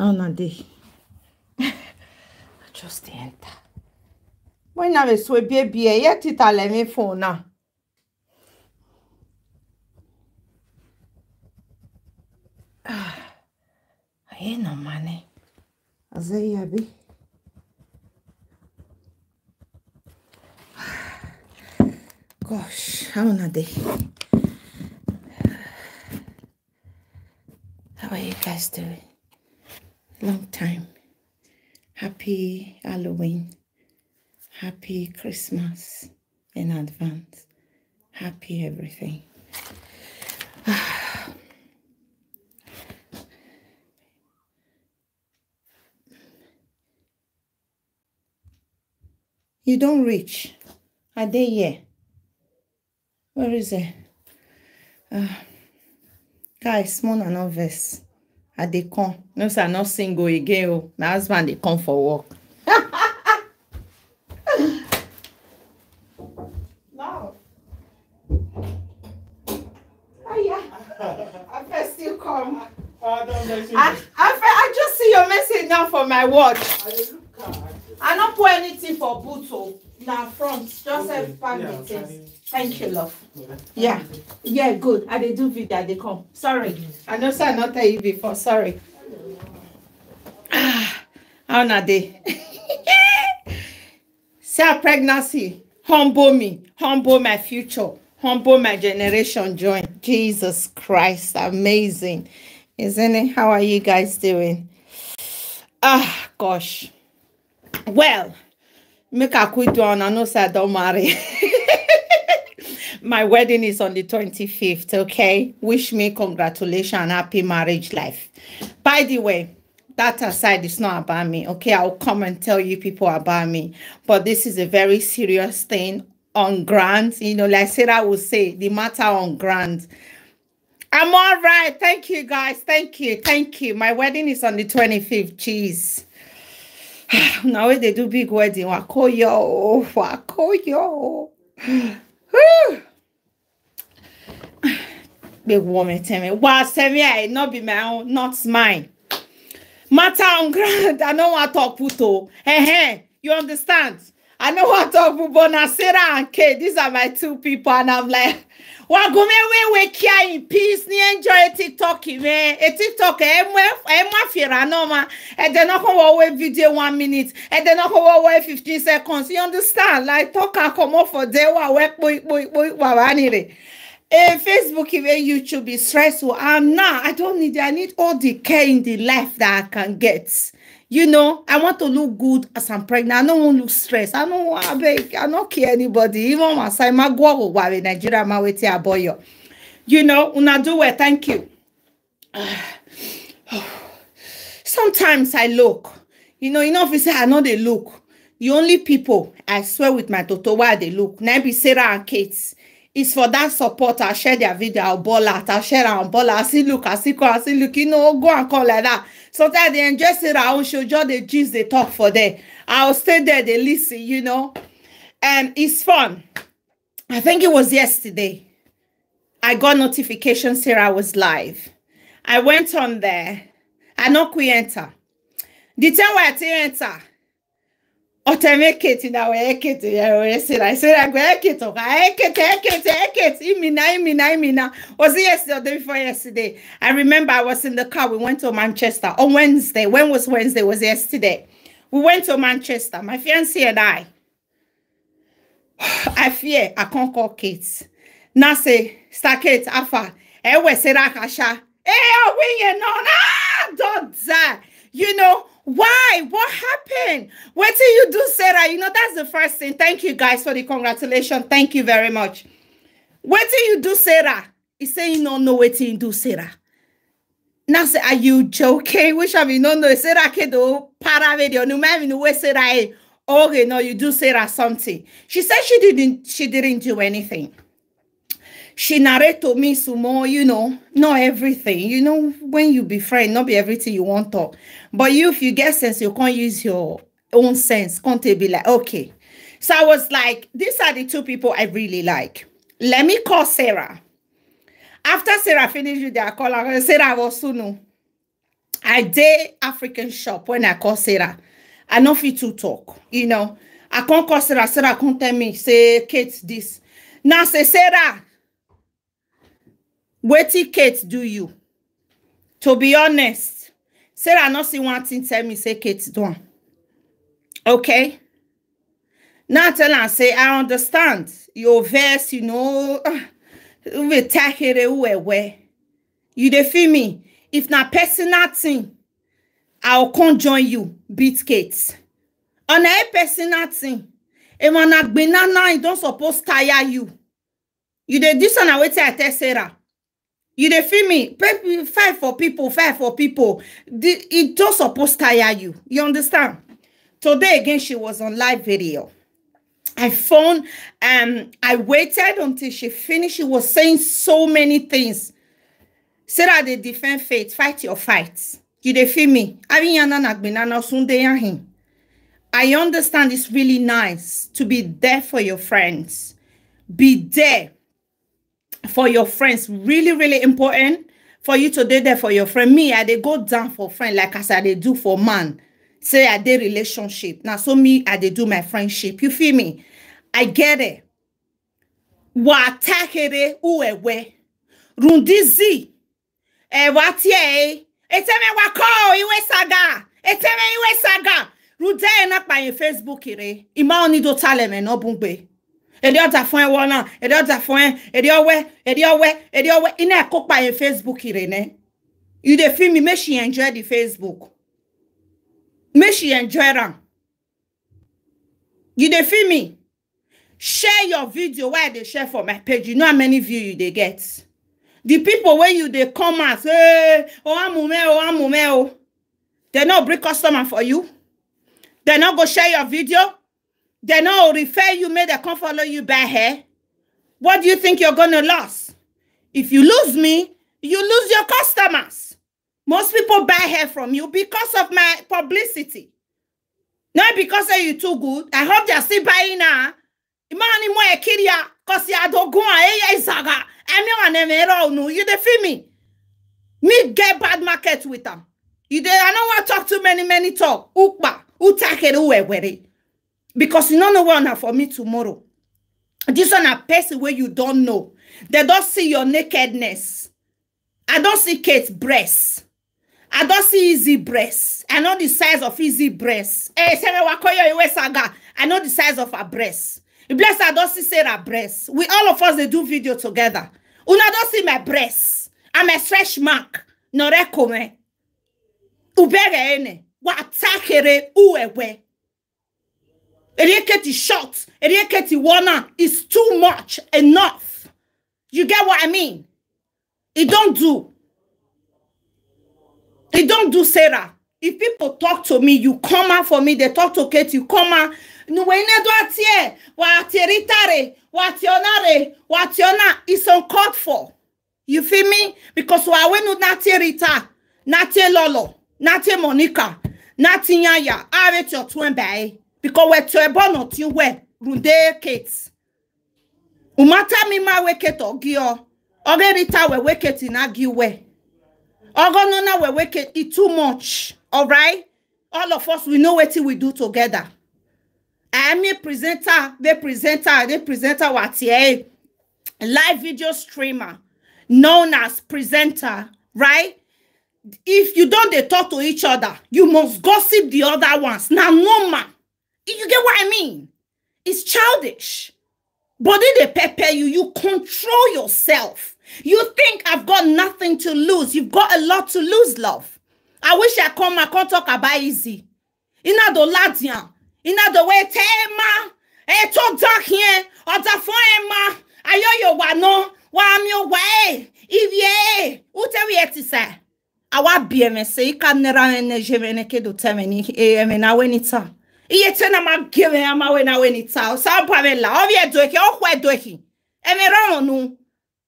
Ona değil. Ciò stienta. Voi non avete sue bebie, io ti tale mi fona. Aye no mane. Azay abi. Gosh, how na day. How are you guys doing? long time. Happy Halloween. Happy Christmas in advance. Happy everything. you don't reach. Are they here? Where is it? Uh, guys, more than obvious. i dey come no sir, not no single again Oh, my husband they come for work. now yeah. i first still come I, I, I just see your message now for my watch i no put anything for boot o na front just okay. help pack yeah, the Thank you, love. Yeah, yeah, good. I they do video, they come. Sorry, I know, sir, not tell you before. Sorry. Ah, how are they? Sir, pregnancy, humble me, humble my future, humble my generation. Join Jesus Christ, amazing, isn't it? How are you guys doing? Ah, gosh. Well, make a quick one. I know, sir, don't marry. my wedding is on the 25th, okay? Wish me congratulations happy marriage life. By the way, that aside, it's not about me, okay? I'll come and tell you people about me. But this is a very serious thing on grant. You know, like Sarah will say, the matter on grant. I'm all right. Thank you, guys. Thank you. Thank you. My wedding is on the 25th. Jeez. now they do big wedding. Wakoyo. Wakoyo. Whew. Big woman, tell me. Wow, tell me, I not be my own, not mine. Matter on ground, I know what talk puto. Hey, hey, you understand? I know what talk puto. Now, Sarah and Kay, these are my two people, and I'm like, wa gome we we kia in peace ni enjoy tiktok me e tiktok e mo e mo fira no ma e de no ko wo we video 1 minute e de no ko wo fifteen seconds you understand like talk come for there wa we po po po wa ni re uh, Facebook, even YouTube is stressful. I'm not. I don't need. it. I need all the care in the life that I can get. You know, I want to look good as I'm pregnant. I don't want to look stressed. I don't want to be, I don't care anybody. Even my side, my guapo, wawe Nigeria, my way aboyo. You know, una do it. Thank you. Sometimes I look. You know, enough is I know they look. The only people I swear with my daughter why they look. Maybe Sarah and Kate. It's for that support. I'll share their video. I'll ball out. I'll share and ball out. I see look. I see I see look. You know, go and call like that. Sometimes they enjoy it. I will show you the gist they talk for there. I'll stay there. They listen, you know. And um, it's fun. I think it was yesterday. I got notification here. I was live. I went on there. I know we enter. The time where I enter, ọtameketi na wee eketi I wee it. I gwa it. I eketi it. I imina imina imina was it yesterday or the day before yesterday i remember i was in the car we went to manchester on wednesday when was wednesday was yesterday we went to manchester my fiance and i i fear i can't call kids now say star kate afa ewe sịra kasha ee ọgwụ ihe nọ na don't die you know why? What happened? What did you do, Sarah? You know, that's the first thing. Thank you guys for the congratulations. Thank you very much. What did you do, Sarah? He saying you no. not know you do, Sarah. Now say, are you joking? Which shall you no no. Sarah kedo para video. No man no way Sarah. Okay, no, you do Sarah something. She said she didn't she didn't do anything she narrate to me some more, you know, not everything. You know, when you befriend, not be everything you want to. But you, if you get sense, you can't use your own sense. Can't be like, okay. So I was like, these are the two people I really like. Let me call Sarah. After Sarah finished with their call, I Sarah was know. I day African shop when I call Sarah. I know fit to talk, you know. I can't call Sarah. Sarah can't tell me, say, Kate, this. Now, say, Sarah, wetin kate do you to be honest sarah no see one thing tell me say kate do am okay now tell am say i understand your verse you know we you dey feel me if na personal thing i'll come join you beat kate on a personal thing emma na gbinana e don suppose tire you you dey dis one na wetin i tell sarah you dey feel me fight for people fight for people the, it just suppose tire you you understand today again she was on live video i phone um i waited until she finished she was saying so many things sarah they defend faith fight your fight you dey feel me i understand it's really nice to be there for your friends be there for your friends really really important for you to dey there for your friend me i they go down for friend like I i they do for man say i dey relationship Now so me i they do my friendship you feel me i get it Wa takere watakere uwewe rundizi ewatie eteme e wako iwe saga eteme iwe saga rude na kpanyen facebook ire ima oni do taleme no bungbe èdè ọ̀tà fún ẹ wọ́n náà èdè ọ̀tà fún ẹ èdè ọ̀wẹ́ èdè ọ̀wẹ́ èdè ọ̀wẹ́ iná ẹ̀ kópa yẹn facebook rẹ̀ nẹ́ you dey feel me make she enjoy the facebook make she enjoy am you dey feel me share your video wey i dey share for my page you know how many view you dey get the people wey you dey come as hey, oh amume oh amume oh they no bring customer for you they no go share your video They know refer you, may they come follow you by here. What do you think you're going to lose? If you lose me, you lose your customers. Most people buy hair from you because of my publicity. Not because of you too good. I hope they're still buying now. Imani mo ekiria kosi adogun aye I Emi wane mero unu. You dey feel me? Me get bad market with them. You dey I know what talk too many many talk. Ukba where uwewere. because you don't know what on for me tomorrow. This one a person where you don't know. They don't see your nakedness. I don't see Kate's breasts. I don't see easy breasts. I know the size of easy breasts. Hey, Sarah Wakoyo Saga. I know the size of her breasts. Bless I don't see Sarah breasts. We all of us they do video together. Una don't see my breasts. I'm a stretch mark. No recome. Ubere ene. Watakere uewe. Erieket is short. Erieket Iwana is too much. Enough. You get what I mean? It don't do. It don't do, Sarah. If people talk to me, you come out for me. They talk to Kate, you come out. do It's uncalled for. You feel me? Because wa we no nati rita, nati lolo, nati Monica, nati nyaya. I bet your twin bay because wetu ebon oti we runde kate umata mi ma we kate ogio oge rita we we kate na gi we ogo no na we we kate it too much all right all of us we know what we do together i am a presenter the presenter the presenter what yeah live video streamer known as presenter right if you don't dey talk to each other you must gossip the other ones Now, no man. You get what I mean? It's childish. But in they pepper you. You control yourself. You think I've got nothing to lose. You've got a lot to lose, love. I wish I come. I can't talk about easy. In the ladian. In the way, Tema. Hey, talk dark here. Other for Emma. I know you wano. Why am your way? If ye. Who tell you to say? Awa BMS. Ika nera ene jemene kedo temeni. Emena wenita. iye tena mageme amawena weni tsao sampavela ovye dweki ohwe dweki emerononu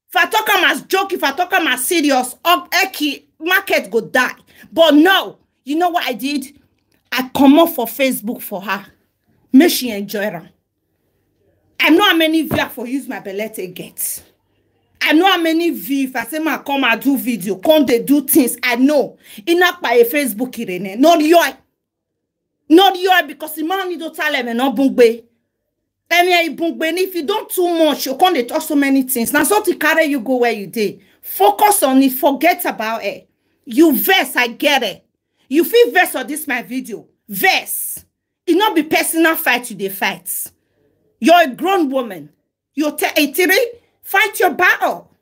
fatoka mas joki fatoka mas serious eki market go die but no you know what i did i come up for facebook for her make she enjoy am i know how many view i for use my belle take get i know how many view if i say ma come and do video come dey do things i know inapa e facebook irene no yoi. Not you because the man need to tell him and not bungbe. And if you don't too much, you can't talk so many things. Now, so to carry you go where you did. Focus on it, forget about it. You verse, I get it. You feel verse on this my video. Verse. It not be personal fight you they fight. You're a grown woman. You're 83. Eh, fight your battle.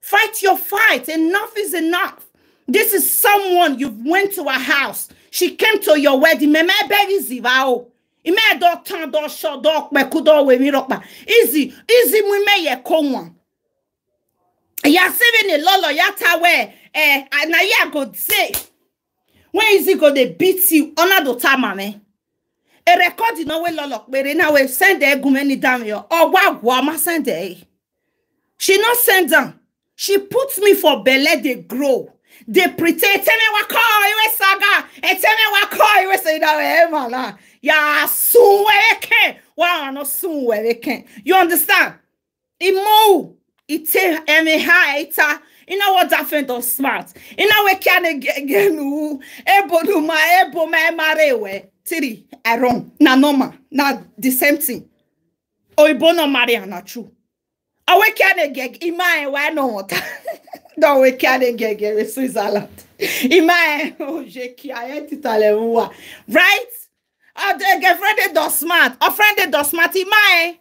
Fight your fight. Enough is enough. This is someone you've went to a house. She came to your wedding. Meme beri zivao. Ime do tan do sho do kwe kudo we mi rokpa. Easy, easy mu me ye kongwa. Ya seven e lolo ya tawe. Eh, na ya go say. When is he go they beat you? Ona do tama me. A e record no we lolo kpere na we send e gumeni dam yo. O wa wa ma send e. She not send down. She puts me for belly they grow deprite eteme wakɔ ewe saga eteme wakɔ ewe seda ewe mala ya sun wɛrɛ kɛn wa ɔno sun wɛrɛ kɛn you understand imowu ite ɛmi ha ɛta ina what dafen dɔ smart ina wɔ kia ne gɛnu ebo numa ebo ma ɛmara we. tiri I wrong. na nɔma na the same thing oyibo nɔma re ana true ɔwɔ kia ne gɛ ima ɛwɛ ɛnɔ wɔta. Don we kade gegere Switzerland. Ima e oje ki a e titale mwa. Right? A ah, de ge frende do smart. O frende do smart ima e.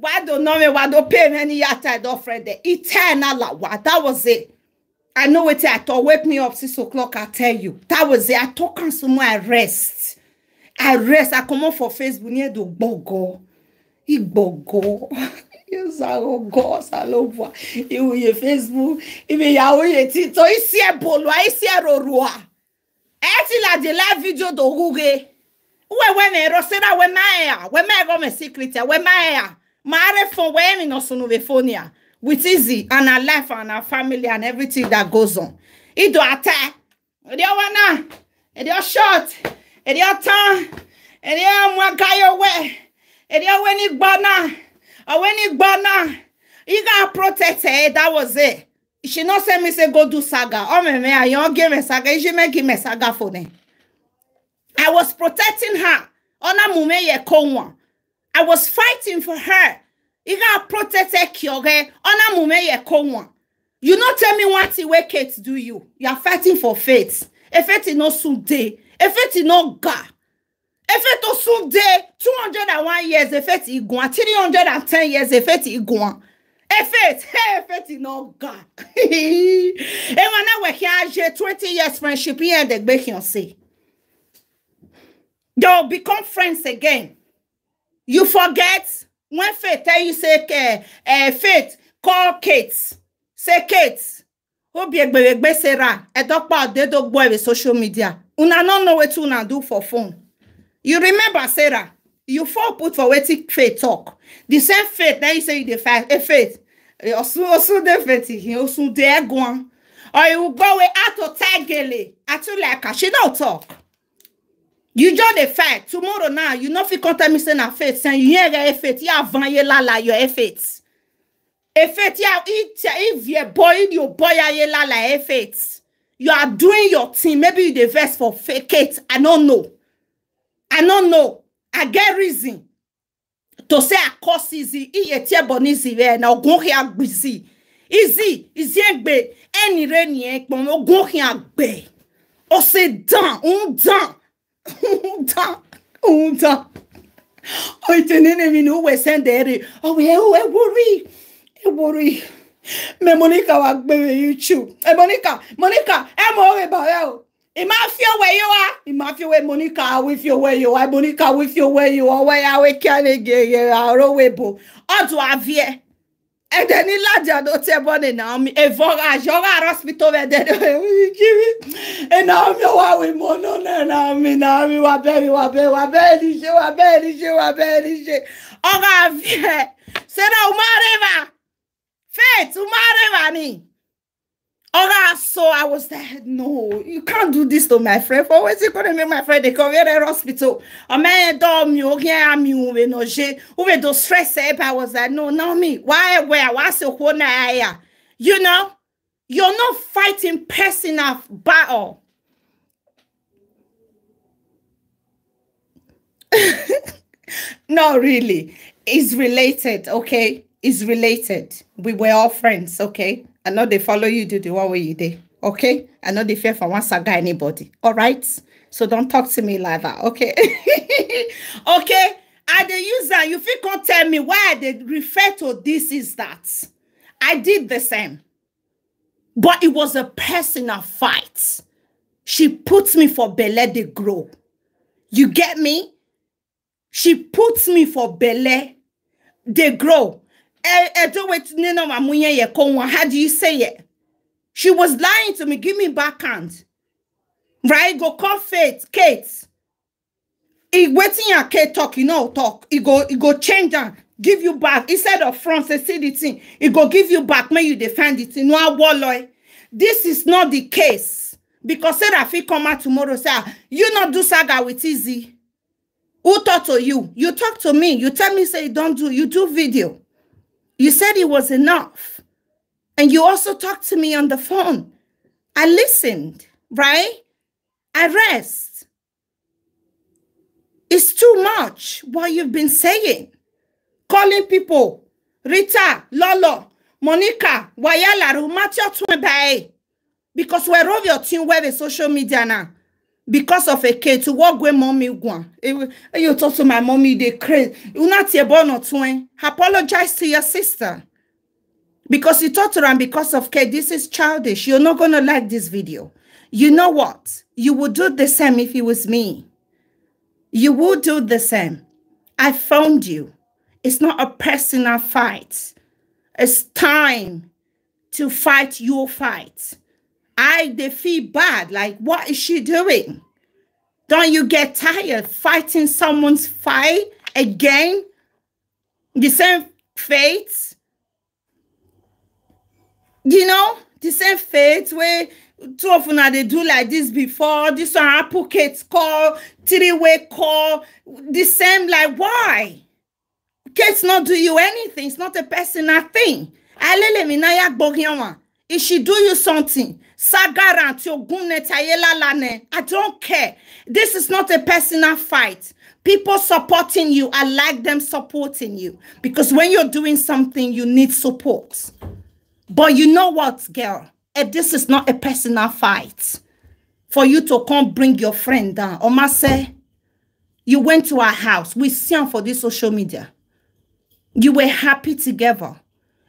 Wado nome wado pay many yata e do frende. Eternal la ah, wa. That was it. I know what I thought. Wake me up six o'clock. I tell you. That was it. I took on some more. I rest. I rest. I come up for Facebook near the bogo. I bogo. Yes, I love God. I love what. Iwu ye Facebook. Ibi yàwó ye títọ́. Isi ẹ bòlùwà. Isi ẹ rorùwà. Ẹ ti làjẹ̀ live video tó gúge. Wẹ́ wẹ́ mi ẹ̀rọ sẹ́ra wẹ́ máa ẹ̀ yà. Wẹ́ máa ẹ̀rọ mi secret ẹ̀. Wẹ́ máa ẹ̀ yà. Màá rẹ̀ fún wẹ́ mi nà sunu bẹ̀ fóònù yà. With easy and our life and our family and everything that goes on. Ìdò àtẹ. Èdè ọwọ́ náà. Èdè ọ short. Èdè ọ tán. Èdè ọ mú akáyọ̀wẹ̀. Èdè ọwọ́ ní gbọ́ náà. Or when he gonna, you got protected. Eh? That was it. She not send me say go do saga. Oh me me, I don't give me saga. She make give me saga for me. I was protecting her. Ona mume ye konwa. I was fighting for her. You got protected kyoge. Ona mume ye konwa. You not tell me what you wake it do you. You are fighting for faith. A faith is not soon day. A faith is not God efe tó sún dé two hundred and one years efe ti igun a three hundred and ten years efe ti igun a efe efe ti na ga ewa na wẹ̀ kí a ṣe twenty years friendship yẹn dẹ̀ gbé kí n ṣe they become friends again you forget when faith tell you say uh, uh, faith call kate say kate obi egberegbe sarah edokpa odedogbo ere social media una no know wetin una do for phone you remember sarah you fall put for waiting faith talk the same faith na you say you dey fight a eh, faith eh, osun osun dey faith eh, osun dey egun am or you go wey how to tie like atulaka she no talk you join the fight tomorrow now you no fit come tell me say na faith say you hear your faith you avanye lala your faith faith you if your boy your boy aye lala faith you are doing your thing maybe you the vex for fake it. i don't know i don't know i get reason to say i curse izi I get ẹ bọ ní izi rẹ na ogun hin agbizi izi izi egbe ẹni rẹ ni ẹ pọn ogun hin agbe ó ṣe dán ń dán ń dán ń dán ó ìtẹ̀lé ní mi ní ó wẹ̀ sẹ́ndẹ̀ rẹ ọ̀wẹ̀ ẹ̀ ẹ̀ wọ́rí ẹ̀ wọ́rí monica wa gbé youtube ẹ monica monica ẹ mọ òwe bàrẹ o. Monica, Monica imafiowe yowa imafiowe monika awifiowe yowa monika awifiowe yowa ọwẹ awe kẹrẹgẹ yẹra ọrọwẹbọ ọdún aviẹ ẹdẹ e. ní lájà ló tẹ bọ ní naomi evora àjọra àrọsipítọ ẹdẹ ní orí kiri naomi wà wí mọ náà naomi naomi wà bẹẹ wà bẹẹ wà bẹẹ ní ṣe wà bẹẹ ní ṣe wà bẹẹ e. ní ṣe ọrọ aviẹ sẹdọ umareva faith umareva ni. Oh, so I was like, no, you can't do this to my friend. For what's it going to make my friend? They come here at hospital. I'm dorm you. Okay, I'm you. We no she. We do stress. Eh? I was like, no, not me. Why? Where? Why so hona You know, you're not fighting personal battle. not really. It's related. Okay, it's related. We were all friends. Okay I know they follow you do the one way you did. Okay? I know they fear for one saga anybody. All right? So don't talk to me like that. Okay? okay? I the user, you feel can't tell me why they refer to this is that. I did the same. But it was a personal fight. She puts me for Bele de Grow. You get me? She puts me for Bele. They grow. Edo wait nina mamunye ye konwa. How do you say it? She was lying to me. Give me backhand. Right? Go call faith, Kate. He waiting Your Kate talk, you know, talk. He go, he go change her. Give you back. Instead of front, say see the thing. He go give you back. May you defend it. You know, walloy. This is not the case. Because say Rafi come out tomorrow, say, ah, you not do saga with easy. Who talk to you? You talk to me. You tell me, say, don't do. You do video. You said it was enough. And you also talked to me on the phone. I listened, right? I rest. It's too much what you've been saying. Calling people Rita, Lolo, Monica, Wayala, Rumatio Twinbae. Because we're over your team the social media now because of a kid to walk with mommy one. You talk to my mommy, they crazy. you not your born or twin. Apologize to your sister. Because you talk to her because of kid. This is childish. You're not gonna like this video. You know what? You would do the same if it was me. You would do the same. I found you. It's not a personal fight. It's time to fight your fight. I they feel bad. Like, what is she doing? Don't you get tired fighting someone's fight again? The same fate? You know, the same fate where too often now they do like this before. This one advocates call, three-way call, the same like why? Kate's not do you anything, it's not a personal thing. Is she do you something? I don't care. This is not a personal fight. People supporting you, I like them supporting you. Because when you're doing something, you need support. But you know what, girl? Eh, this is not a personal fight. For you to come bring your friend down. Oma say, you went to our house. We see him for this social media. You were happy together.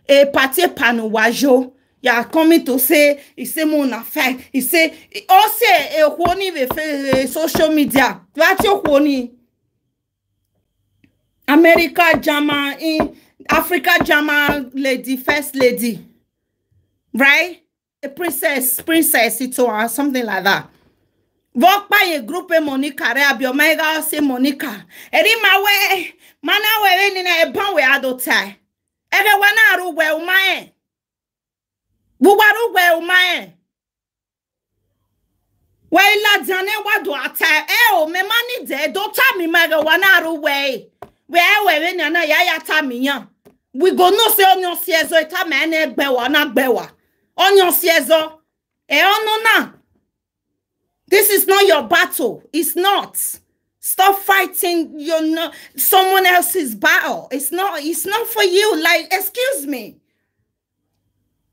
A eh, party panu wajo. you are coming to say he say mo na fine e say o se ekwo ni be social media láti okwo ni america german in africa german lady first lady right a princess princess ito or something like that Walk by a group monica rẹ̀ àbí say ẹ̀ka ọ̀sẹ̀ monica ẹ̀rí máa wẹ̀ máa náà wẹ̀ ẹ̀ nínú ẹ̀bọ̀n wẹ̀ adọ̀tà ẹ̀rẹ̀ wẹ̀ náà rú wẹ̀ ọmọ wuwaru we umae we la jane wadu ata e o me mani de do ta mi mege wanaru we we e we we nana ya ya ta mi yan we go no se onyon si ezo e ta me ne gbe wa na gbe wa onyon si ezo e ono na this is not your battle it's not stop fighting your no, someone else's battle it's not it's not for you like excuse me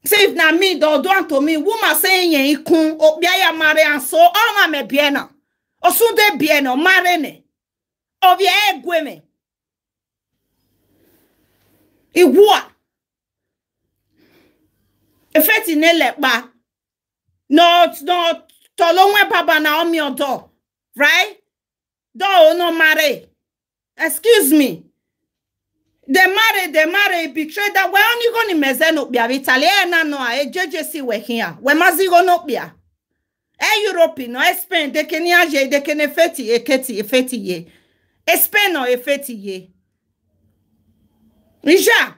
say if na me do do unto me woman say yen ikun ya mare an so oh, oh, ma me biena osunde biena mare me obia egwe me iwua efeti ne lepa not not tolonwe baba na omi odo right do no mare excuse me demare demare betrayda we onigo ni mezenokpia vitaliena noa ejejesi wehia wemazigo nokpia e europe no e spain dekeni aje dekene efeti eketi efeti ye e spain no efeti ye ija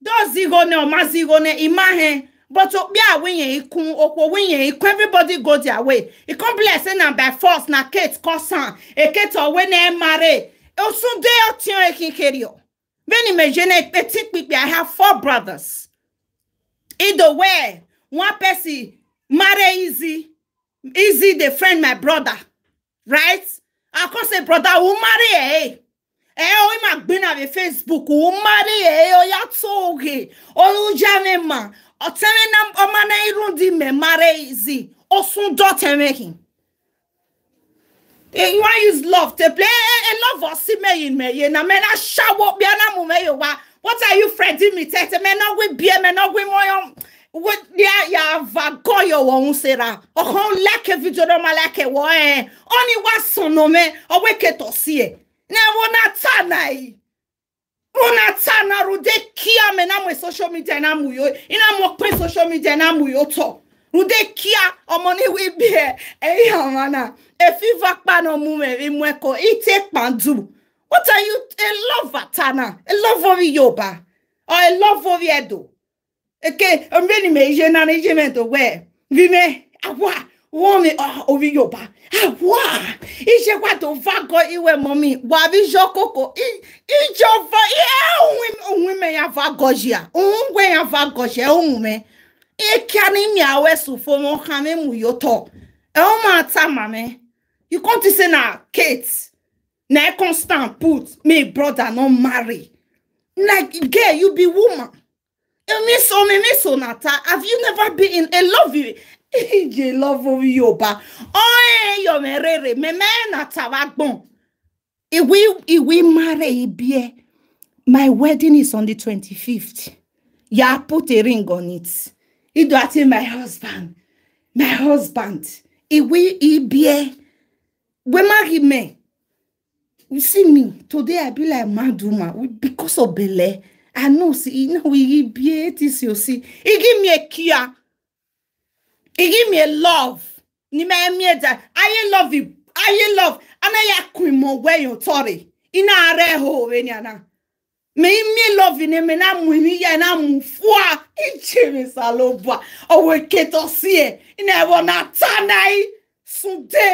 dozigo ne omazigo ne imahe eh, but okpia winye ikun okwo winye ikun everybody go their way e complex na by force na kate kosan ekete owe na O osunde otion ekinkerio I have four brothers. Either way, one person marry easy, easy the friend, my brother, right? I can say, brother, who marry eh? Eh, oh, ma gbina be Facebook, who marry eh? Oh, ya toge, oh, jane ma, o oh, teme na o oh, mana irundi me marry easy, o oh, sun do teme You why use love to play a love or see me in me na me na shower be na mu me wa what are you fretting me tete me no we be me no we mo what yeah ya vago yo won sera o oh, kon oh, like video no like wo eh oni wa sono me o we ke to see na wo na tanai Muna tana rude kia me na mo social media na mu yo ina mo pe social media na mu yo to Rudekia omoni wibie eya mana efiva kpana mume imweko ite pandu. What are you a love tana? A lover yoba or a lover edo? Okay, I'm ready me je na je me to we. Vime awa wome ovi yoba. Awa ije kwa to vago iwe mommy. Wa bi jokoko i I ijo va ye unwe unwe me ya vagojia. Unwe ya vagojia unwe ekiani miawe sufomo hame muyoto elma ata mame you come to say na kate na e constant put me brother no marry like girl you be woman emiso memiso nata have you never been in a love you ije love orí yorùbá ọ̀hún ẹ̀yọ̀ mẹ́rẹ̀ẹ̀rẹ̀ mẹ́mẹ́ nàtàwá gbọ̀n ìwé e ìwé e márẹ̀ ibi ẹ̀ my wedding is on the twenty-fifth yà á put a ring on it. Idoati, my husband, my husband, Iwe Ibie, we marry me. You see me, today I be like mad woman because of Bele. I know, see, you know, Ibie, this you see. He give me a kia. He give me a love. Ni me emie da. I love you. I love. Ana ya kwimo we yo tori. Ina are ho we ni ana me mi love ne me mu ni ya na mu fua ichi mi saloba o we keto sie ina wo na tanai sunde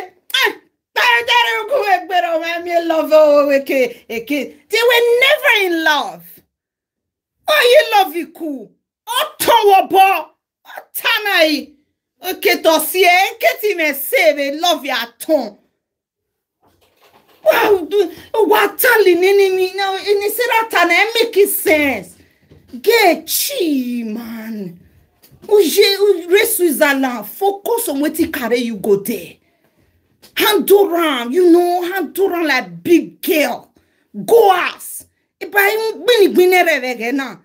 Paradero ah! ku egbero ma mi love o eke eke they were never in love why you love iku o ton wo bo tanai keto sie e. keti me se me love ya ton watali nini nini inisirata na make sense get chi man uje re switzerland focus on wetin carry you go there handle am you know handle am like big girl go as ibrahim gbinigbin rẹ rẹ gẹ náà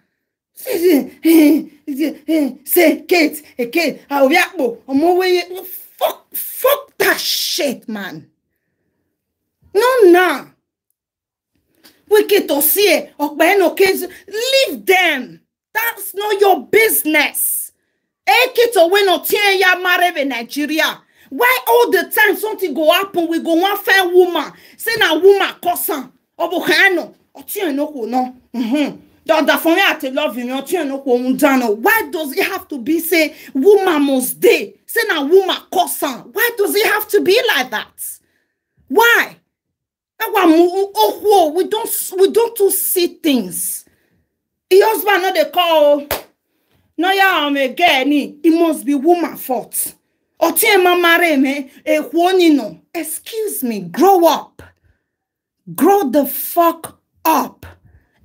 say kate eh, kate àwòrán àpò ọmọ wẹyẹ fuck fuck that shit man no wicked osie okpeno kids leave them that's not your business ekito wey no tie ya marry nigeria why all the time something go happen we go one fair woman say na woman cause am ọbọ kano ọtí ẹnoko náà dọ̀dà fún mi àti lọ́ọ̀bìnrin ọtí ẹnoko òun dáná why does it have to be say woman must dey say na woman cause am why does it have to be like that why oh whoa, we don't we don't too see things The husband no dey call no ya am again It must be woman fault ọtí ẹ máa mara ẹ mẹ èkó nínú excuse me grow up grow the fuck up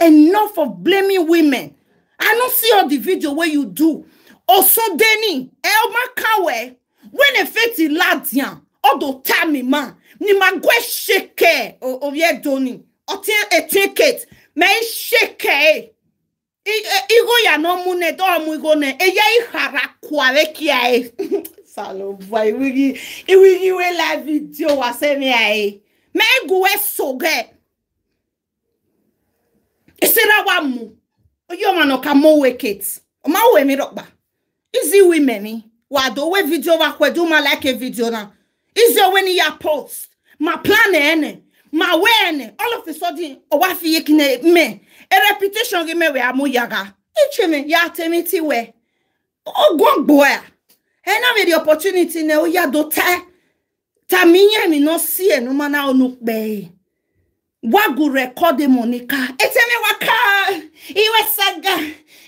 enough of blaming women i no see all the video wey you do osodeni ẹ ọmọ kawẹ wey dey fit ladiyan ọdọ tá mi máa. Ni nimagwe sheke oviedoni otien etiket me sheke e. E, igo ya no mune do mu igo ne eya ihara kwa vekia e salo vai wigi e Wigi we la video wa se mi ai me guwe soge esera wa mu oyo manoka mo weket ma we mi rokpa izi wi me wa do we video wa kwedu ma like a video na izi owe ni ya post my plan ene my way ene all of a sudden owa fi yekine me a repetition ge me we amu yaga ichi me ya temi ti we ogun gbo e na me the opportunity ne o ya do ta ta mi yen mi no si enu ma na onu pe wagu record monica eteme waka iwe saga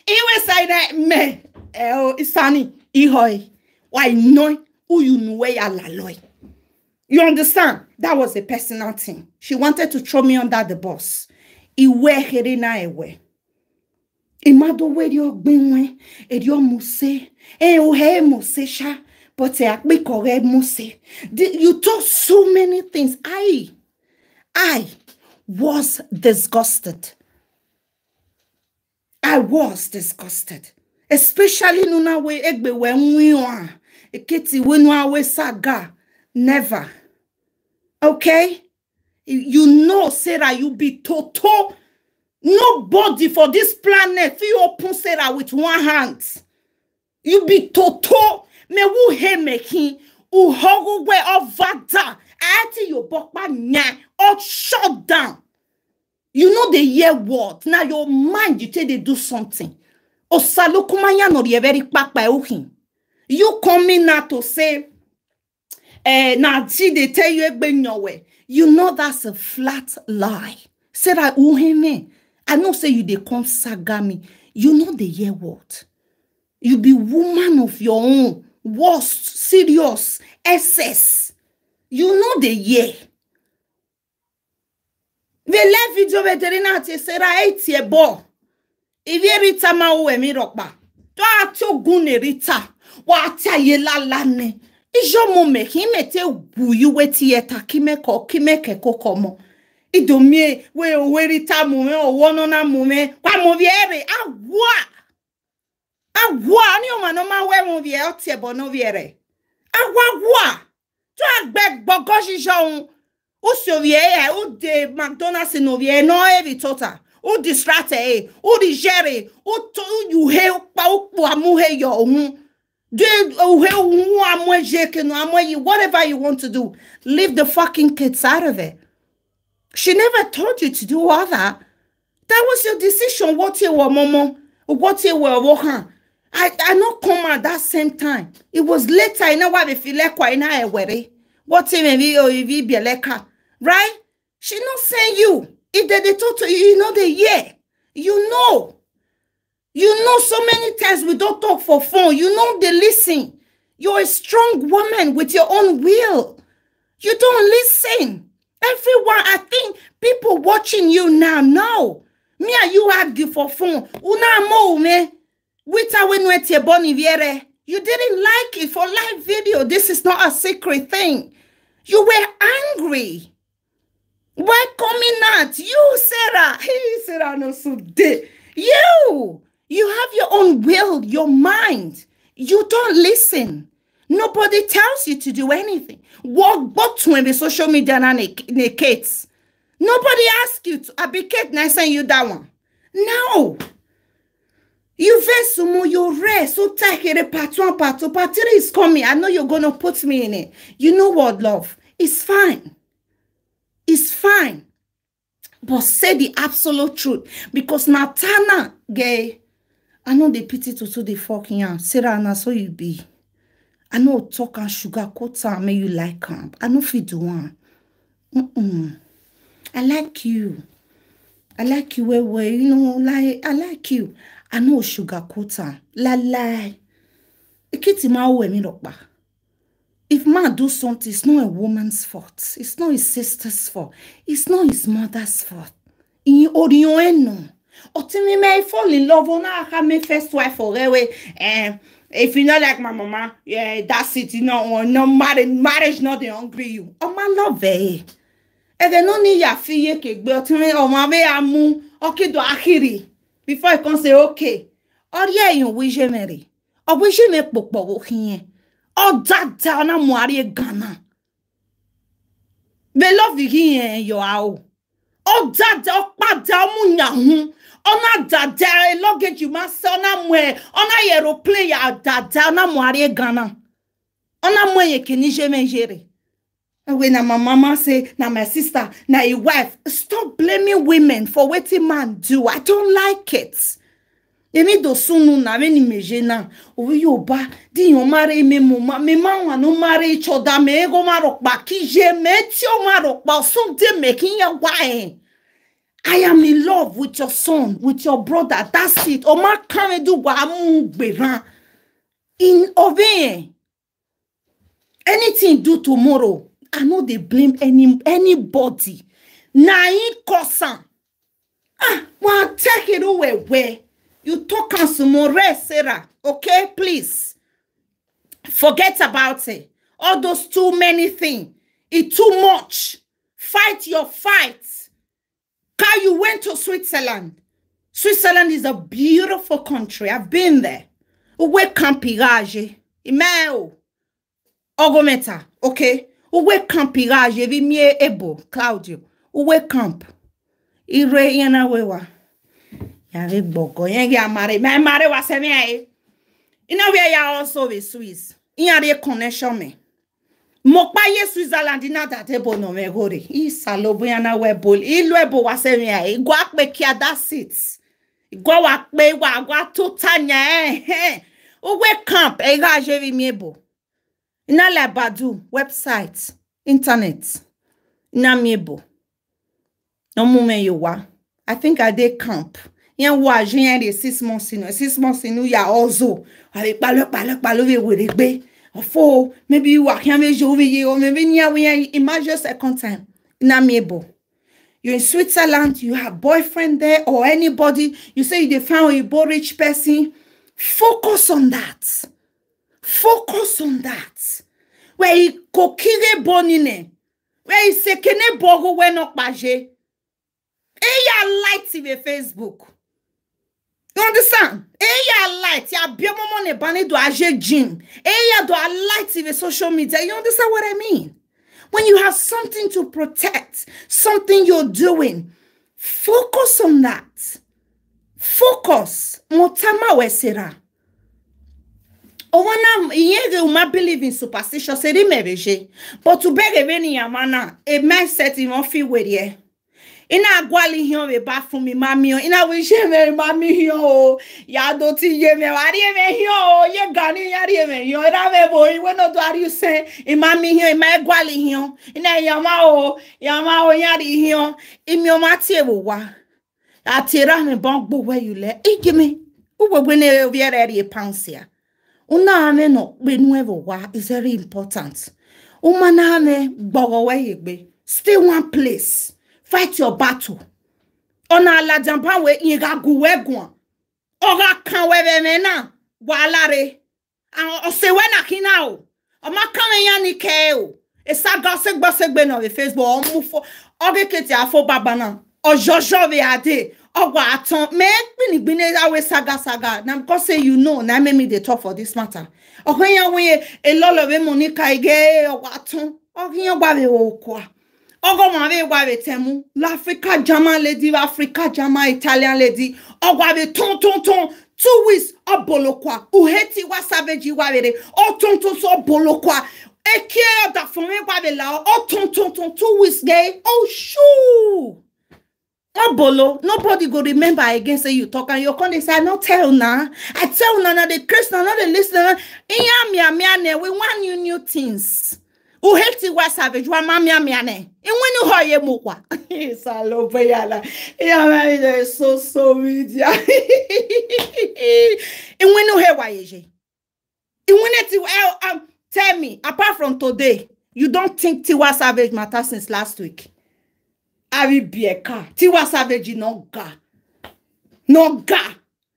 iwe saida me Oh, o isani ihoy. why no uyu nuwe ya laloi You understand? That was a personal thing. She wanted to throw me under the bus. Iwe herina ewe. Imado we dio gbenwe, e dio muse, e o he muse sha, but e akbi kore muse. You talk so many things. I, I was disgusted. I was disgusted. Especially nuna we egbe we mwiwa. Eketi we nwa we saga. Never. Okay? You know, Sarah, you be total. Nobody for this planet. You open Sarah with one hand. You be total. Me wu he making. Uhogo we ovada. Ati yo bokpa nya. All shut down. You know the hear what. Now your mind, you tell they do something. Osalokumanya no very papa You coming now to say eh, now see they tell you egbenyowe. You know that's a flat lie. Say that uheme. I know say you they come sagami. You know the year what? You be woman of your own. Worst, serious, SS. You know the year. Vele video veterina ti sera eti ebo. Ivi erita ma uwe emi rokba. to ati ogun Rita, Wa ati aye lalane ijomome ka imete gwuyi wetieta kimekọ kimeke kokomo idomie wee werita mume owono na mume kwamoviere agwa agwa ni omanoma wemuvie otiebonoviere agwa agwa tó àgbẹ̀ gbọ́gọ́ ṣiṣọ́ òun ó sì òvìẹ́ ẹ̀ e, o de mcdonald's ní òvìẹ́ náà ẹ̀rì e tọ́ta ó distract ẹ̀ e, o di jẹ́rì ó o yùhé o pa ó pò àmúhẹ́ yọ òun. Oh, whatever you want to do, leave the fucking kids out of it. She never told you to do all that. That was your decision. What you were, Momo. What you were, Wohan. I, I not come at that same time. It was later. You know what? If you like, why not? Eh, what if you if oh, be like right? She not saying you. If they, they talk to you, you know the yeah. You know. You know, so many times we don't talk for phone. You know, they listen. You're a strong woman with your own will. You don't listen. Everyone, I think people watching you now know. Me and you argue for phone. Una mo me. Wita wenwete boni viere. You didn't like it for live video. This is not a secret thing. You were angry. Why coming out? You, Sarah. Hey, Sarah, no so You. You have your own will, your mind. You don't listen. Nobody tells you to do anything. Walk back to the social media, and Kate. Nobody asks you to. I be and I send you that one. No. You vex sumo, you rest. So take it, part one, part two, part three is coming. I know you're going to put me in it. You know what, love? It's fine. It's fine. But say the absolute truth. Because Natana, gay, i know dey pity tutu dey fok yarn sarah na so you be i know talk am sugarcoat am make you like him. i know fit do am mm -mm. i like you i like you well well you know like i like you i know no la. am lalai ekiti ma wo emi lọpa if man do something it's not a woman's fault it's not his sister's fault it's not his mother's fault ìyìn oríyan ẹ̀ No. Ultimately, may fall in love on her, my first wife forever? Eh, And if you're not like my mama, yeah, that's it. You know, no marriage, marriage not the hungry you. Oh my love, eh? And then only your fee cake, but oh my way I move. Okay, do I Before I can say okay. Or yeah, you wish you marry. Or wish you make book book here. Or that down a moire Ghana. you here you are ọdada ọkpada ọmụnyahụ ọna dada elọgeji masị ọna mụe ọna yero pleya dada ọna mụarị gana ọna mụe yekene jemejere ewe na my mama say na my sister na a wife stop blaming women for wetin man do i don't like it èmi dò sunu na me ni meje na owe yoruba di yan mare me mo ma me ma wa no mare ichoda me ego ma ro pa ki je me ti o ma ro pa sun de me ki yan wa e i am in love with your son with your brother that's it o ma kan me du wa mu gbera in obey anything do tomorrow i no dey blame any anybody na him cause am ah wọn take it away well. You talk on some more, Sarah. Okay, please. Forget about it. All those too many things. It's too much. Fight your fight. Car, you went to Switzerland. Switzerland is a beautiful country. I've been there. Uwe kampirage. Email. Ogometa. Okay. Uwe kampirage. Vimie ebo. Claudio. Uwe camp. Ire wewa. yàrá gbọ̀gọ̀ yẹn kí amare mẹ amare wà sẹ́mi ẹ̀ yìí iná wíyà yà ọ̀sọ̀ wẹ̀ swiss ìyàrá yẹ connection mẹ mọ̀pá yẹ switzerland iná dàdé bò nà mẹ hóre ìsàlọ̀ bóyá náà wẹ̀ bò ìlú ẹ̀ e bò wà sẹ́mi e. ẹ̀ yìí gbọ́ àpè kí a dá sit gbọ́ wà pé wà wà tó tanya ẹ̀ e. ẹ̀ owó camp ẹ̀ yìí àjẹ́ rí mi bò iná lẹ̀ bàdú website internet iná mi bò ọmú mẹ yìí wá i think i dey camp yẹn wo àjò yẹn de six months inú six months inú yà ọ̀zọ̀ àbí palọ́palọ́palọ́ ló wèrè gbé ọ̀fọ̀ maybe wà kí wọ́n fi ṣe òwe yẹ o maybe ní àwọn yẹn imagine second time iná mi bọ̀. You're in Switzerland, you have boyfriend there or anybody, you say you dey find Oyibo rich person, focus on that. Focus on that. Where he kokire bonine, where he sekene bogo we no paje. Eya light in Facebook. You understand? Eya light, ya biomo money bani do aje gym. Eya do a light in the social media. You understand what I mean? When you have something to protect, something you're doing, focus on that. Focus. Motama wesera. Owana iyege uma believe in superstition, se seri meveje. But to beg a veni yamana, a mindset in ofi where ina gwali hiyan be ba fun mi mami hiyan ina wi se me mami hiyan o ya do ti ye me wa ri e me hiyan o ye gani ya ri e me hiyan ina me bo yi we do ari se e. i mami hiyan i ma gwali hiyan ina ya ma o ya ma o ya ri hiyan i mi o ma ti e wo wa ati ra me bon gbo we you le i give me u gbogbo ne o bi era ri pansia una ame no pe nu e wa is very important Umanane ame gbogo we stay one place fight your battle ọ̀nà alajàmbáwe ìragùwẹ̀gùn ọ̀rọ̀ kanwẹ̀rẹ̀mẹ̀ náà wàhálà rẹ̀ àwọn ọ̀sẹ̀wẹ̀ náà kí náà o ọmọ kàwé yẹn ni kẹ́ ẹ o ìsága ọ̀sẹ̀gbọ̀sẹ̀gbẹ̀ náà rẹ̀ facebook ọ̀mú fọ ọ̀rẹ́ kẹtì àfọ bàbá náà ọ̀jọ̀jọ̀ rẹ̀ àdé ọ̀gbà àtàn we àwẹ̀ sagasaga na because say you know na make me dey talk for this matter ọ̀rẹ́ yẹn wọ́n yẹ elọ́lọ́rẹ́ mọ̀ níka igẹ́ ọ̀gbà àtàn ọ̀rẹ́ yẹn gbàrẹ̀ òkú à ọgọ nwabe gwabe temu l'africa german lady africa german italian lady ọgwabe tuntuntun two weeks ọbọlọkwa uheti wa savage wabere ọtuntun so ọbọlọkwa eke ọdà fúnmi gwabe la ọtuntuntun two weeks gẹ oṣù obolo nobody go remember again say you talk and you come dey say i no tell una i tell una na dey craze na no dey lis ten na iyan mi ami ane we wan new new things uheti wa savage wa mamia miane inwini ho ye mukwa salo payala ya mami so so media inwini he wa yeje inwini ti um tell me apart from today you don't think tiwa savage matter since last week ari bieka tiwa savage no ga no ga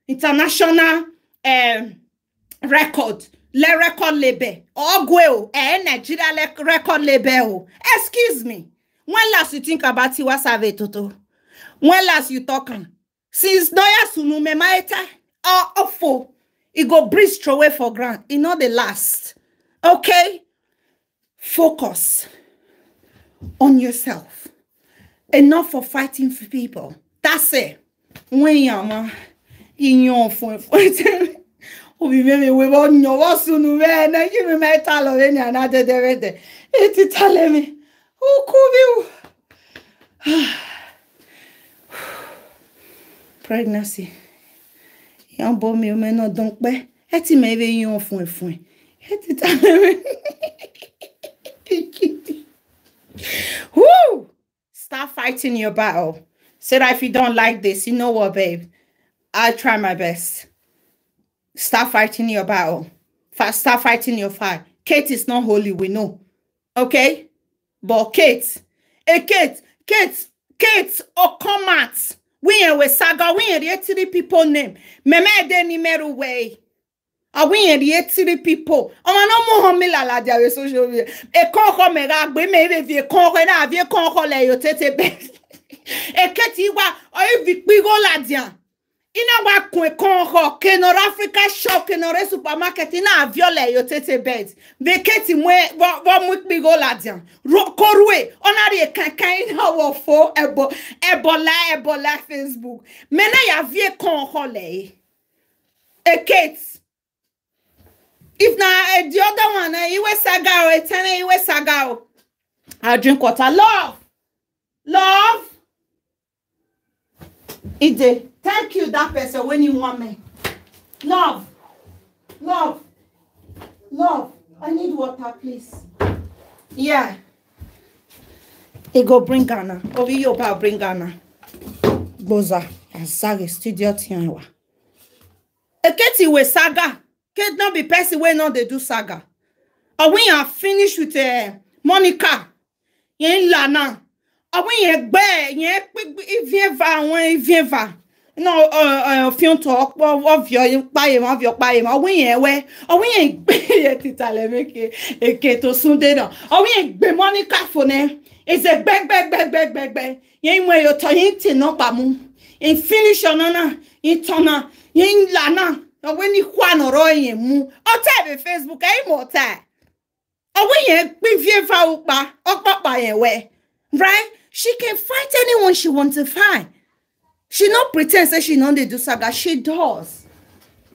international um, record le record label ogwe o eh nigeria le record label o excuse me when last you think about tiwa savage toto when last you talking since noya sunume maeta or ofo It go breeze away for ground e not the last okay focus on yourself enough for fighting for people that's it when you're in your for. we ubimeme webo nyobo sunu wene yimi metalo wene anade devete iti talemi ukubi pregnancy yan bo mi o mena don pe e ti me ebe yan fun e fun e ti talemi Woo! Start fighting your battle. Say if you don't like this, you know what, babe? I'll try my best. Start fighting your battle. Start fighting your fight. Kate is not holy, we know. Okay? But Kate, hey Kate, Kate, Kate come Okomat, we are with Saga, we ain't the three people name. Meme deni meru way. Are we in the three people? Oh, no more homila la dia social media. A conco me rag, we may be a conco and have your conco lay your tete bed. A Kate, you are, or if we go la dia ina wa kun kan ho ke africa shop ke supermarket ina aviole yo tete bed vacate mwe wo mu go ladian korwe onari e kankan ina wo fo ebo ebola ebola facebook mena ya vi kan ho le e kate if na uh, the other one uh, iwe o etene iwe sagao i drink water love love e dey thank you That person wey need one man love love love i need water please yeah e go bring Ghana. Obi orí yóò bá bring am na gboza azare studio tiwanwa eketi wey saga kate no be person wey no dey do saga or when are finish with uh, monica yẹn ń là àwọn yẹn gbẹ yẹn pípé ivieva àwọn ivieva náà òfin tó ọ̀pọ̀ ọfìọ páyé mọ ọfìọ páyé mọ ọwọ yẹn wẹ ọwọ yẹn gbé yẹn tìtàlẹ méke èké tó súndé náà ọwọ yẹn gbé mọ ní káfọ náà èsè gbẹgbẹgbẹgbẹgbẹ yẹn mú ẹyọ tọ yẹn tì náà pàmò yẹn finish ọ̀nà náà yẹn tọ̀ náà yẹn là náà ọwọ ní kwan ọ̀rọ̀ yẹn mú ọtá ẹ̀ bẹ facebook ẹ̀yìn mọ̀ ọtá ẹ̀ ọwọ yẹn gbé fífa ọpa ọpọpọ yẹn wẹ̀ right she can fight anyone she wants to fight she not pretend say she no dey do saga she does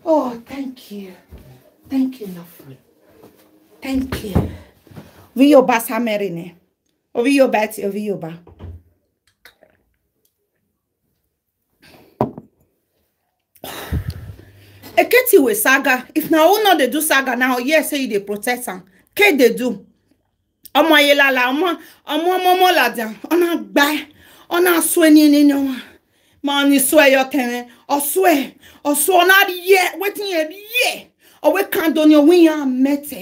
oh thank you thank you lovely thank you oviyoba samerine oviyoba ti oviyoba. eketi wey saga if now who no dey do saga now yes say you dey protect am k dey do ọmọ yìí lala ọmọ ọmọ ọmọ làdà ọ̀nà gbà ọ̀nà asọ ẹni ẹni ẹni ọmọ maa ni sọ ẹyọ kẹrẹ ọsọ ẹ ọsọ ọ̀nà adìyẹ wetin yẹ yẹ ọwẹ kando ni ọwẹ yẹn amẹtẹ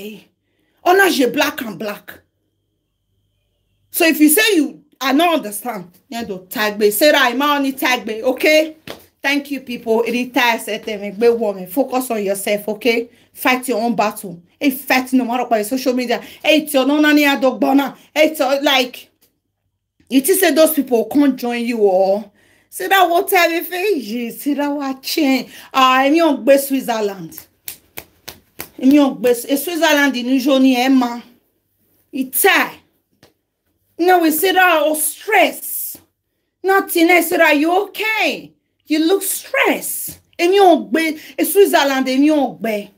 ọ̀nà ṣe black and black so if you say you i no understand yẹn do tagbe sarah emma oni tagbe okay thank you people eri ta ẹsẹ tẹmẹ gbé wọmi focus on yourself okay fight your own battle effect no matter by social media it's your non any dog burner it's like it is say those people can't join you all see that water efeji see that what change. ah èmi on gbé Switzerland èmi ò gbé Switzerland ní jo ni ẹ ma ita now we see that all stress nothing else are you okay you look stressed èmi ò gbé Switzerland èmi ò gbé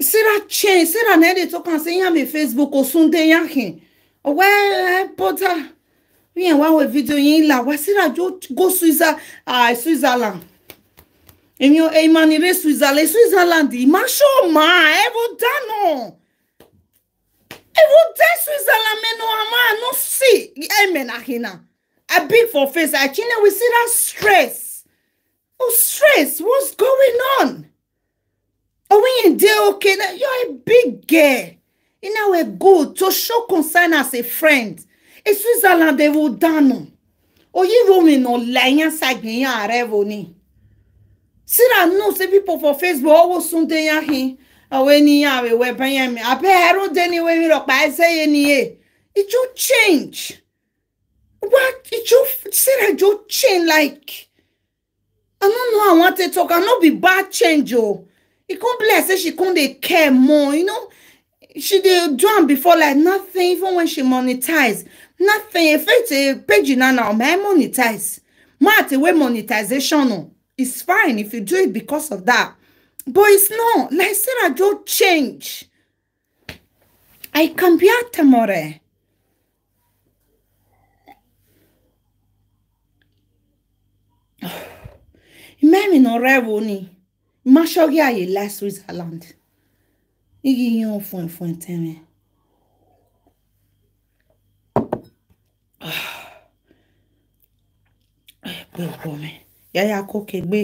sarah chen sarah na dey talk am say yan be facebook osunde yankin ọwẹ pọta yẹn wá wọ fídíò yín La. wá sarah jo go switzerland uh, switzerland èmi ò èèmà ni ré switzerland switzerland ìmá ṣọ́ọ̀mà ẹ bó dáná ẹ bó dé switzerland mẹ́nu àmà ànú sí ẹ̀mẹ̀ nàhìnà i big for face i chinna with sarah stress oh stress what's going on. Owen oh, dey okay. Now you're a big girl. know our good to show concern as a friend. E Switzerland they will down. on. Oyibo mi no lẹ́yìn ṣàgbéyàn ààrẹ wo ni. Síra know. sí people for Facebook ọwọ́ Sunday yan hin. Àwọn ènìyàn àwẹ̀wẹ̀ bẹ́yẹn mi. Àbẹ́ ẹ̀rú dé ni wẹ́mi rọ̀ pa ẹsẹ̀ yẹn ni yé. It you change. What? It you, Sarah, you change like. I don't know. I want to talk. I no be bad change o. Oh e come be like say she come dey care more you know she dey do am before like nothing even when she monetize nothing efete page na na my monetize mat wey monetization o oh. it's fine if you do it because of that but it's not like sarah just change I hai cambiato amore mẹ́rin náà rẹ́wọ̀ ni Mashoki Ayinla Switzerland igi yan fún ẹ̀fún ẹ̀tẹ̀rin ẹ̀pẹ́ ọkọ mi Yaya Koike gbé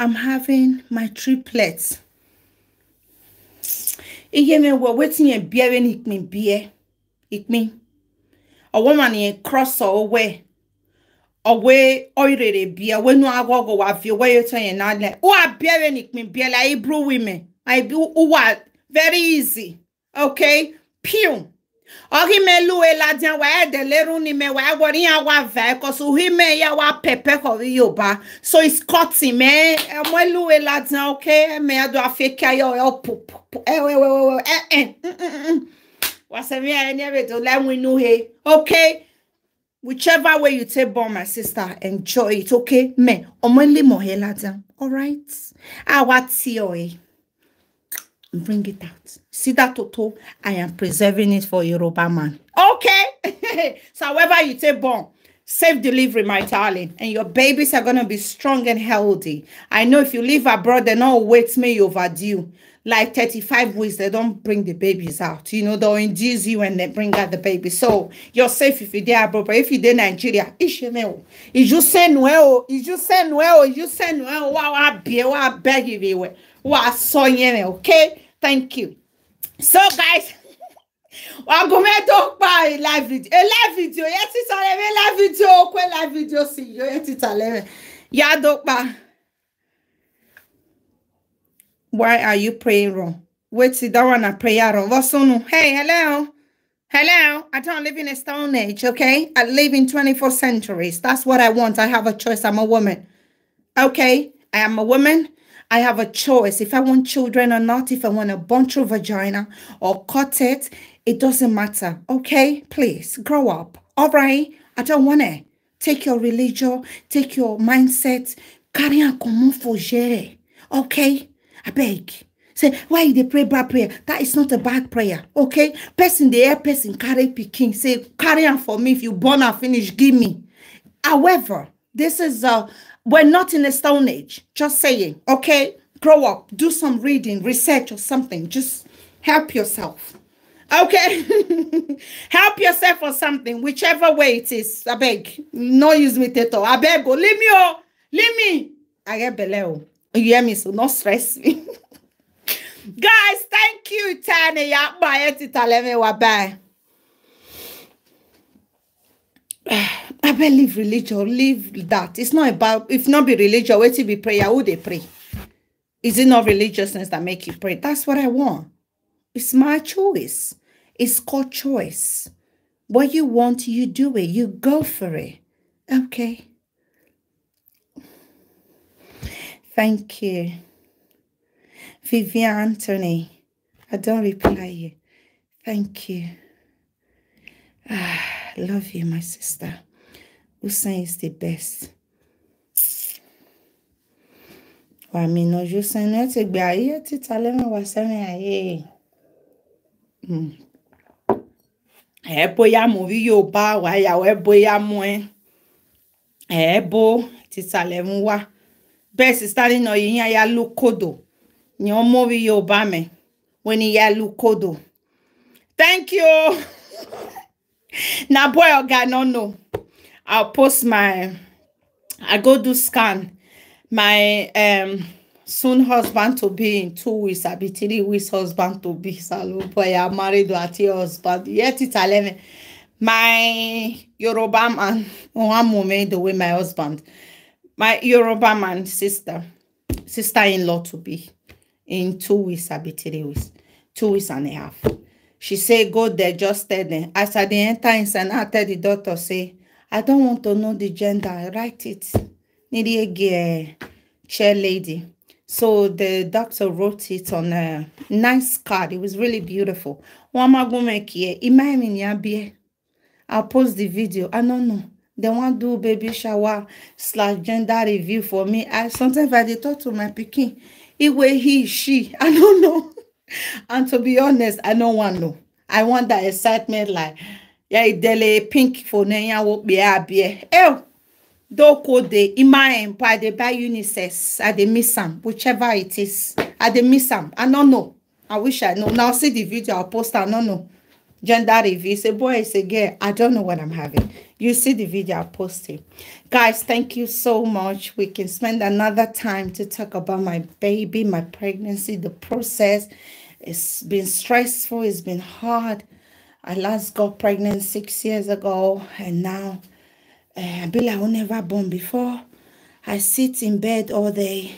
I'm having my triplets iye mi wọ wetin yẹn biere ni ìpín biẹ ìpín ọwọ́ mà nìyẹn cross ọwọ́ ẹ̀ owe oirere bia wenu agogo wa fi owe yeto yen na le o abiere ni pin bia la hebrew women i be uwa very easy okay pew ohi me lu e la dian wa de lerun ni me wa wori an wa va ko so hi me ya wa pepe ko yoba so it's cutting me e mo lu e la dian okay e, me adu afeka yo e pop e we we we eh eh wa se mi ene e be do la winu he okay whichever way you take born, my sister, enjoy it, okay? Me, am only down, all right? want to Bring it out. See that toto? I am preserving it for Yoruba man. Okay? so however you take born, safe delivery, my darling. And your babies are going to be strong and healthy. I know if you live abroad, they're not wait me overdue. like 35 weeks, they don't bring the babies out. You know, they'll induce you and they bring out the baby. So you're safe if you're there, bro. But if you're there, Nigeria, is you send well, if you send well, Is you send well, wow, I beg you, I eh, oh, beg you, wow, so okay. Thank you. So, guys. I'm wàgùnmẹ́ tó pa live video a live video Yes, it's a live video ó live video See you. Yes, it's a live. Yeah, talk about. Why are you praying wrong? Wait till that one I pray wrong. on? Hey, hello. Hello. I don't live in a stone age, okay? I live in 24 centuries. That's what I want. I have a choice. I'm a woman. Okay, I am a woman. I have a choice if I want children or not, if I want a bunch of vagina or cut it, it doesn't matter. Okay, please grow up. All right, I don't want it. Take your religion, take your mindset. Okay, I beg. Say, why they pray bad prayer? That is not a bad prayer, okay? Person the air person carry Peking. Say, carry on for me. If you born and finish, give me. However, this is uh, we're not in a stone age. Just saying, okay? Grow up, do some reading, research or something. Just help yourself. Okay, help yourself or something, whichever way it is. I beg, no use me, Teto. I beg, go leave me, oh, leave me. I get below. You hear me? So not stress me. Guys, thank you, Tani. I believe religion, leave that. It's not about, if not be religion, wait till be prayer, who they pray? Is it not religiousness that make you pray? That's what I want. It's my choice. It's called choice. What you want, you do it. You go for it. Okay. Thank you. Vivian Anthony, I don't reply you. Thank you. Ah, love you, my sister. Usain is the best. Wà mí ìnàjú sẹ́yìn ni ó ti gbé ayé títa lẹ́nu wá sẹ́yìn ayé. Hmm. Ẹ bóyá mo rí yóò bá wàá yàwó ẹ bóyá mú Eh, Ẹ bó títa lẹ́nu wá best starting na yin ya lukodo ni ọmọ bi Yorùbá me when ya lukodo thank you na boy oga no no i'll post my i go do scan my um soon husband to be in two weeks abi three weeks husband to be salo boy i'm married to ati husband yet it's 11 my Yoruba man one moment the way my husband my Yoruba man sister, sister-in-law to be in two weeks, I'll be three weeks, two weeks and a half. She say, go there, just tell them. As I dey enter inside, I tell the doctor, say, I don't want to know the gender. I write it. Need Nidiege eh, chair lady. So the doctor wrote it on a nice card. It was really beautiful. I'll post the video. I don't know they wan do baby shower slash gender reveal for me i sometimes i dey talk to my pikin iwe he she i don't know and to be honest i no wan know i want that excitement like ya idele pink for neyanwo gbeabie ew doko dey ima empo i dey buy unisex i dey miss am whichever it is i dey miss am i don't know i wish i know now see the video i post i don't know gender reveal. say boy, it's a girl. I don't know what I'm having. You see the video I posted. Guys, thank you so much. We can spend another time to talk about my baby, my pregnancy, the process. It's been stressful. It's been hard. I last got pregnant six years ago. And now uh, I be like I never born before. I sit in bed all day.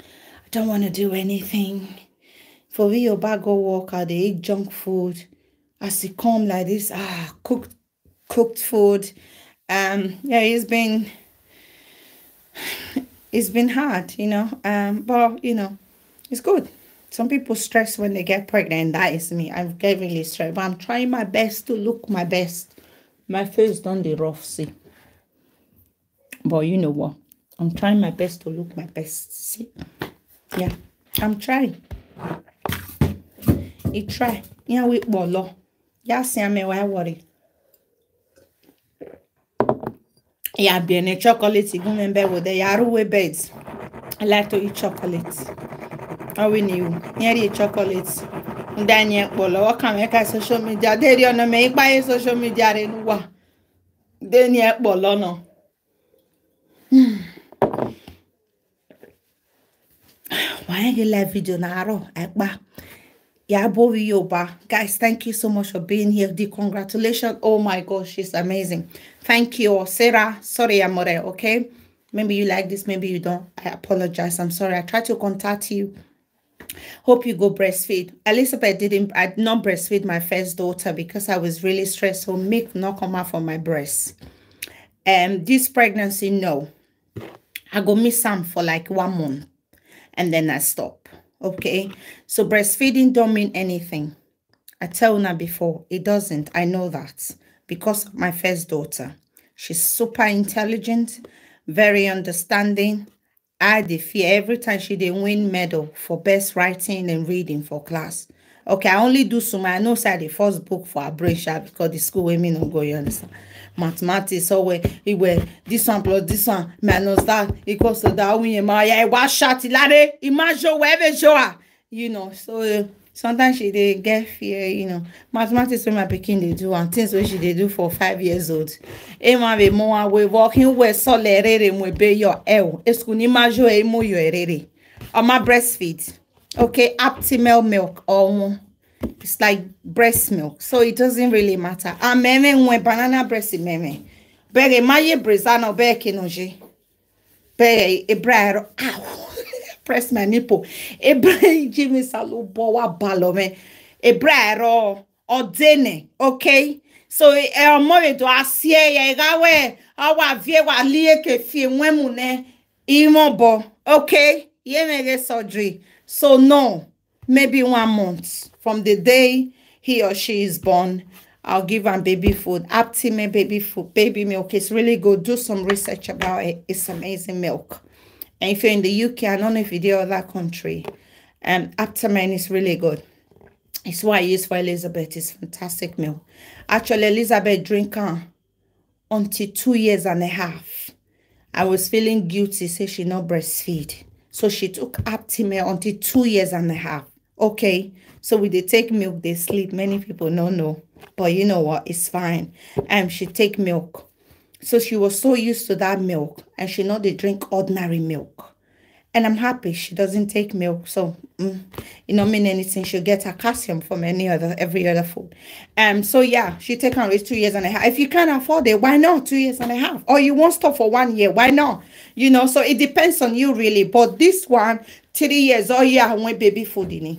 I don't want to do anything. For we, your bag go walk out, they eat junk food as he come like this, ah, cooked cooked food. Um, yeah, it's been it's been hard, you know. Um, but you know, it's good. Some people stress when they get pregnant. That is me. I'm getting really stressed, but I'm trying my best to look my best. My face done the rough, see. But you know what? I'm trying my best to look my best. See, yeah, I'm trying. You try. Yeah, we well, ya si am ewe worry ya bịa ne chocolate gume mbe wode ya ruwe beds i like to eat chocolate owe ni u nyeri chocolate ndị anyị kpọrọ ọka mee ka soshal midia deri ọnụ mee ịkpanye soshal midia rị n'ụwa deni ekpọrọ nọ wanyị gị live video na arọ ekpa Yabo Yoba. Guys, thank you so much for being here. The congratulations. Oh my gosh, she's amazing. Thank you, Sarah. Sorry, Amore, okay? Maybe you like this, maybe you don't. I apologize. I'm sorry. I tried to contact you. Hope you go breastfeed. Elizabeth didn't, I did not breastfeed my first daughter because I was really stressed. So milk not come out from my breast. And um, this pregnancy, no. I go miss some for like one month and then I stop. Okay. So breastfeeding don't mean anything. I tell Una before, it doesn't. I know that because my first daughter, she's super intelligent, very understanding. I defeat every time she did not win medal for best writing and reading for class. Okay, I only do some I know say the first book for a brain shot because the school women don't go, you understand? mathematics ọwẹ ìwẹ this one plus this one minus that equals to that ohun yẹn máa ya ìwà ṣàtìláre ìmáṣọwọ ẹbẹṣọwà you know so sometimes she dey get fear you know mathematics wey my pikin dey do and things wey she dey do for five years old ema be mo awe walking well sọlẹ erere e e mo ebe your ẹw esu ni majo emu yọ erere ọma breastfeed okay aptimel milk ọwọn. It's like breast milk, so it doesn't really matter. A meme nwe banana breast meme. Bere maye brezano beke noje. Bere ebraero. E Ow. Press my nipple. Ebra e Jimmy salu bowa balome. Ebraero ordene, okay? So e, e omore do asie ye gawe awa vie wa liye ke fie mwemune bo, okay? Ye mege surgery. So no, maybe one month. from the day he or she is born. I'll give them baby food, Aptime baby food, baby milk. It's really good. Do some research about it. It's amazing milk. And if you're in the UK, I don't know if you do other country, um, Aptamen is really good. It's what I use for Elizabeth. It's fantastic milk. Actually, Elizabeth drink uh, until two years and a half. I was feeling guilty, say she not breastfeed. So she took Aptime until two years and a half. Okay. So we they take milk, they sleep. Many people no no, but you know what? It's fine. And um, she take milk. So she was so used to that milk, and she know they drink ordinary milk. And I'm happy she doesn't take milk, so mm, it don't mean anything. She'll get her calcium from any other every other food. Um, so yeah, she take her raise two years and a half. If you can't afford it, why not two years and a half? Or you won't stop for one year, why not? You know, so it depends on you really. But this one, three years, oh yeah, I want baby food in it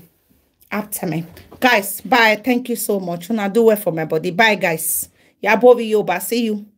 after me guys bye thank you so much I do well for my body bye guys yabovi yoba see you